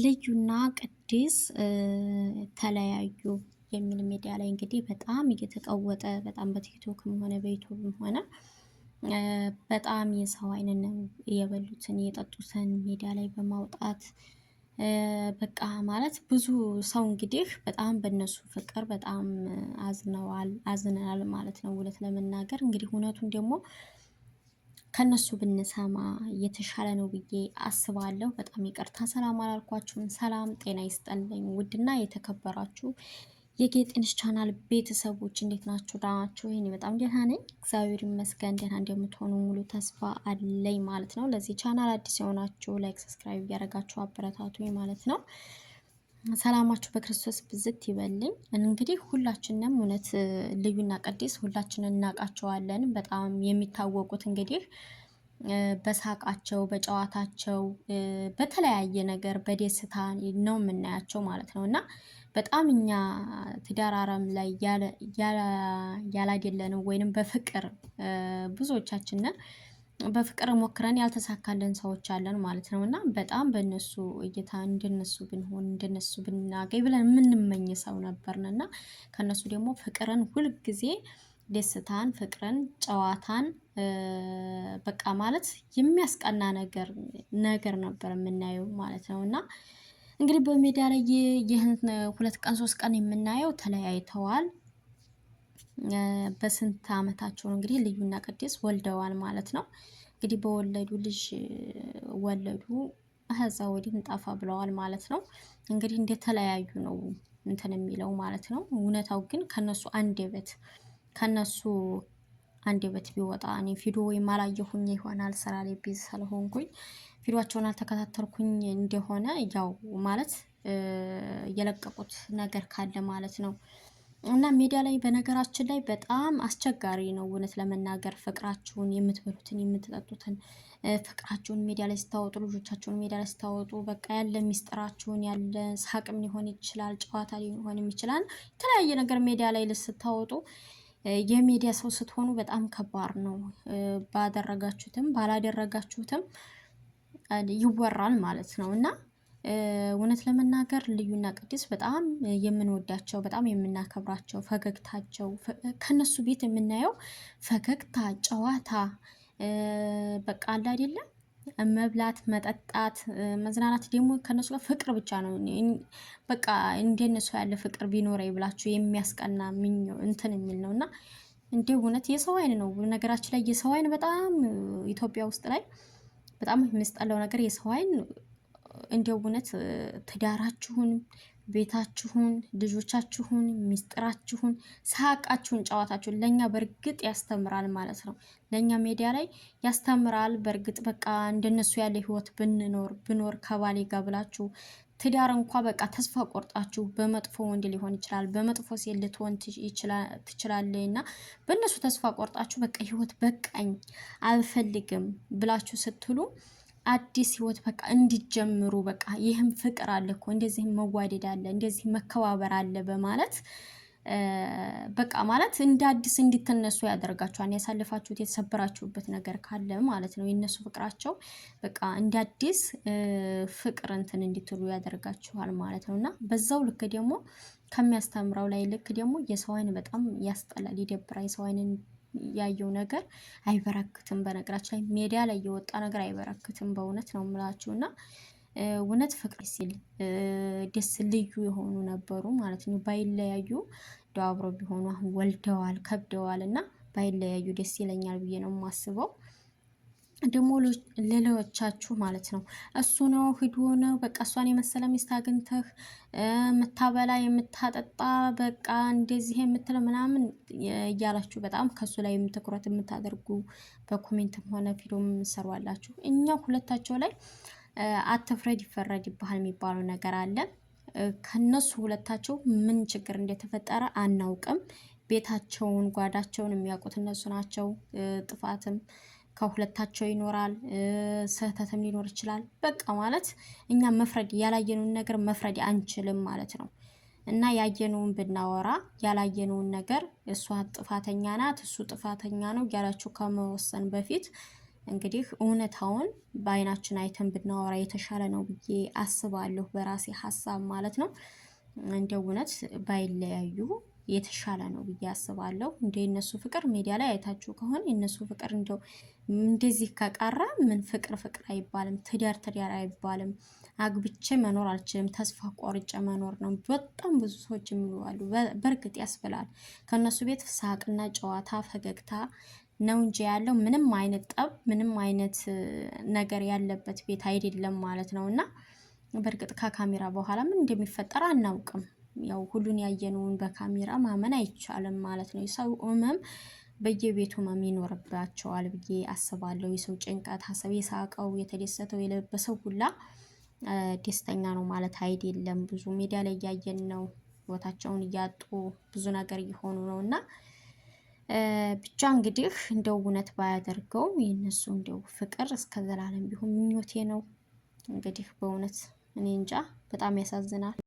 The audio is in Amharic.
ልዩና ቅድስ ተለያዩ የሚል ሚዲያ ላይ እንግዲህ በጣም እየተቀወጠ በጣም በቲክቶክም ሆነ በዩቱብም ሆነ በጣም የሰው አይን ነው የበሉትን የጠጡትን ሚዲያ ላይ በማውጣት በቃ ማለት ብዙ ሰው እንግዲህ በጣም በእነሱ ፍቅር በጣም አዝነዋል አዝነናል ማለት ነው። እውነት ለመናገር እንግዲህ እውነቱን ደግሞ ከነሱ ብንሰማ የተሻለ ነው ብዬ አስባለሁ። በጣም ይቅርታ ሰላም አላልኳችሁም። ሰላም ጤና ይስጠልኝ። ውድና የተከበራችሁ የጌጥንሽ ቻናል ቤተሰቦች እንዴት ናችሁ? ደህና ናችሁ? ይህኔ በጣም ደህና ነኝ፣ እግዚአብሔር ይመስገን። ደህና እንደምትሆኑ ሙሉ ተስፋ አለኝ ማለት ነው። ለዚህ ቻናል አዲስ የሆናችሁ ላይክ፣ ሰብስክራይብ እያደረጋችሁ አበረታቱኝ ማለት ነው። ሰላማችሁ በክርስቶስ ብዝት ይበልኝ። እንግዲህ ሁላችንም እውነት ልዩና ቀዲስ ሁላችንን እናውቃቸዋለን። በጣም የሚታወቁት እንግዲህ በሳቃቸው፣ በጨዋታቸው፣ በተለያየ ነገር በደስታ ነው የምናያቸው ማለት ነው እና በጣም እኛ ትዳር አረም ላይ ያላደለነው ወይንም በፍቅር ብዙዎቻችንን በፍቅር ሞክረን ያልተሳካልን ሰዎች አለን ማለት ነው። እና በጣም በእነሱ እይታ እንደነሱ ብንሆን እንደነሱ ብናገኝ ብለን የምንመኝ ሰው ነበርን እና ከእነሱ ደግሞ ፍቅርን ሁልጊዜ ደስታን፣ ፍቅርን፣ ጨዋታን በቃ ማለት የሚያስቀና ነገር ነገር ነበር የምናየው ማለት ነው እና እንግዲህ በሜዳ ላይ ይህን ሁለት ቀን ሶስት ቀን የምናየው ተለያይተዋል። በስንት ዓመታቸው ነው እንግዲህ ልዩና ቅድስት ወልደዋል ማለት ነው። እንግዲህ በወለዱ ልጅ ወለዱ ከዛ ወዲህ እንጣፋ ብለዋል ማለት ነው። እንግዲህ እንደተለያዩ ነው እንትን የሚለው ማለት ነው። እውነታው ግን ከነሱ አንድ አንደበት ከነሱ አንድ አንደበት ቢወጣ እኔ ፊዶ ወይም አላየሁኝ ይሆናል ስራ ላይ ቢዚ ስለሆንኩኝ ፊዶቸውን አልተከታተልኩኝ እንደሆነ ያው ማለት የለቀቁት ነገር ካለ ማለት ነው። እና ሜዲያ ላይ በነገራችን ላይ በጣም አስቸጋሪ ነው። እውነት ለመናገር ፍቅራችሁን የምትበሉትን የምትጠጡትን ፍቅራችሁን ሜዲያ ላይ ስታወጡ፣ ልጆቻችሁን ሜዲያ ላይ ስታወጡ በቃ ያለ ሚስጥራችሁን ያለ ሳቅም ሊሆን ይችላል፣ ጨዋታ ሊሆንም ይችላል። የተለያየ ነገር ሜዲያ ላይ ስታወጡ የሚዲያ ሰው ስትሆኑ በጣም ከባድ ነው። ባደረጋችሁትም ባላደረጋችሁትም ይወራል ማለት ነው እና እውነት ለመናገር ልዩና ቅድስት በጣም የምንወዳቸው በጣም የምናከብራቸው ፈገግታቸው ከነሱ ቤት የምናየው ፈገግታ፣ ጨዋታ በቃ አለ አይደለም መብላት፣ መጠጣት፣ መዝናናት ደግሞ ከነሱ ጋር ፍቅር ብቻ ነው። በቃ እንደነሱ ያለ ፍቅር ቢኖረ ብላችሁ የሚያስቀና እንትን የሚል ነው እና እንደ እውነት የሰው አይን ነው። ነገራችን ላይ የሰው አይን በጣም ኢትዮጵያ ውስጥ ላይ በጣም የሚያስጠላው ነገር የሰው አይን እንደው እውነት ትዳራችሁን፣ ቤታችሁን፣ ልጆቻችሁን፣ ሚስጥራችሁን፣ ሳቃችሁን፣ ጨዋታችሁን ለእኛ በእርግጥ ያስተምራል ማለት ነው። ለእኛ ሜዲያ ላይ ያስተምራል። በእርግጥ በቃ እንደነሱ ያለ ህይወት ብንኖር ብኖር ከባሌ ጋር ብላችሁ ትዳር እንኳ በቃ ተስፋ ቆርጣችሁ በመጥፎ ወንድ ሊሆን ይችላል፣ በመጥፎ ሴት ልትሆን ትችላለች እና በእነሱ ተስፋ ቆርጣችሁ በቃ ህይወት በቃኝ አልፈልግም ብላችሁ ስትሉ አዲስ ህይወት በቃ እንዲጀምሩ በቃ ይህም ፍቅር አለ እኮ እንደዚህ መዋደድ አለ እንደዚህ መከባበር አለ በማለት በቃ ማለት እንደ አዲስ እንዲተነሱ ያደርጋቸዋል። ያሳለፋችሁት የተሰበራችሁበት ነገር ካለ ማለት ነው የነሱ ፍቅራቸው በቃ እንደ አዲስ ፍቅር እንትን እንዲትሉ ያደርጋችኋል ማለት ነው እና በዛው ልክ ደግሞ ከሚያስተምረው ላይ ልክ ደግሞ የሰው ዓይን በጣም ያስጠላል፣ ይደብራል። የሰው ያየው ነገር አይበረክትም። በነገራችን ላይ ሜዲያ ላይ የወጣ ነገር አይበረክትም። በእውነት ነው የምላችሁ እና እውነት ፍቅር ሲል ደስ ልዩ የሆኑ ነበሩ ማለት ነው። ባይለያዩ እንደው አብረው ቢሆኑ አሁን ወልደዋል ከብደዋል እና ባይለያዩ ደስ ይለኛል ብዬ ነው የማስበው። ደግሞ ሌሎቻችሁ ማለት ነው እሱ ነው ሂዱ ነው በቃ እሷን የመሰለ ሚስት አግኝተህ የምታበላ የምታጠጣ በቃ እንደዚህ የምትለው ምናምን እያላችሁ በጣም ከሱ ላይ ትኩረት የምታደርጉ በኮሜንትም ሆነ ቪዲዮ የምሰሩ አላችሁ። እኛ ሁለታቸው ላይ አትፍረድ ይባል የሚባለው ነገር አለ። ከነሱ ሁለታቸው ምን ችግር እንደተፈጠረ አናውቅም። ቤታቸውን ጓዳቸውን የሚያውቁት እነሱ ናቸው። ጥፋትም ከሁለታቸው ይኖራል፣ ስህተትም ሊኖር ይችላል። በቃ ማለት እኛ መፍረድ ያላየነውን ነገር መፍረድ አንችልም ማለት ነው እና ያየነውን ብናወራ ያላየነውን ነገር እሷ ጥፋተኛ ናት፣ እሱ ጥፋተኛ ነው እያላችሁ ከመወሰን በፊት እንግዲህ እውነታውን በአይናችን አይተን ብናወራ የተሻለ ነው ብዬ አስባለሁ። በራሴ ሀሳብ ማለት ነው። እንደ እውነት ባይለያዩ የተሻለ ነው ብዬ አስባለሁ። እንደ የነሱ ፍቅር ሜዲያ ላይ አይታችሁ ከሆነ የነሱ ፍቅር እንደው እንደዚህ ከቀረ ምን ፍቅር ፍቅር አይባልም፣ ትዳር ትዳር አይባልም፣ አግብቼ መኖር አልችልም፣ ተስፋ ቆርጬ መኖር ነው በጣም ብዙ ሰዎች የሚሉ በእርግጥ ያስብላል። ከእነሱ ቤት ሳቅና ጨዋታ ፈገግታ ነው እንጂ ያለው ምንም አይነት ጠብ፣ ምንም አይነት ነገር ያለበት ቤት አይደለም ማለት ነው እና በእርግጥ ከካሜራ በኋላ ምን እንደሚፈጠር አናውቅም። ያው ሁሉን ያየነውን በካሜራ ማመን አይቻልም ማለት ነው። የሰው ህመም በየቤቱ ህመም ይኖርባቸዋል ብዬ አስባለሁ። የሰው ጭንቀት፣ ሀሳብ፣ የሳቀው የተደሰተው የለበሰው ሁላ ደስተኛ ነው ማለት አይደለም። ብዙ ሜዲያ ላይ እያየን ነው። ህይወታቸውን እያጡ ብዙ ነገር እየሆኑ ነው እና ብቻ እንግዲህ እንደው እውነት ባያደርገው የእነሱ እንደው ፍቅር እስከ ዘላለም ቢሆን ምኞቴ ነው። እንግዲህ በእውነት እኔ እንጃ በጣም ያሳዝናል።